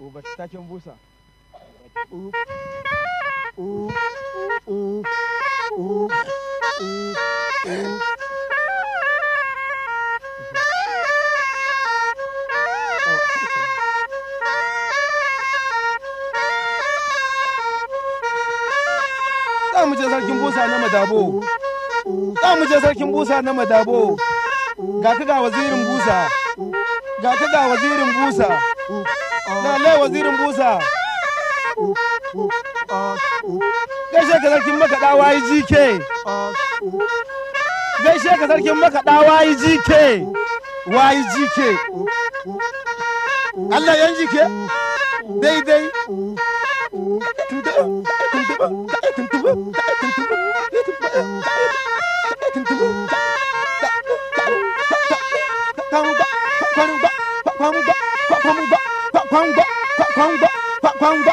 Uba busa. Za mu je sarkin busa na madabo. Za mu je sarkin busa na madabo. Ga ka ga wazirin busa. Ga ka ga wazirin busa. le wazirin busa. Gaishe ka sarkin maka ɗawa yi GK. Gaishe ka sarkin maka ɗawa yi GK. Wayi GK. Allah yan jike Daidai. Bye.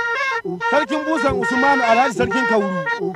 sarkin busan Usman alhaji sarkin kauru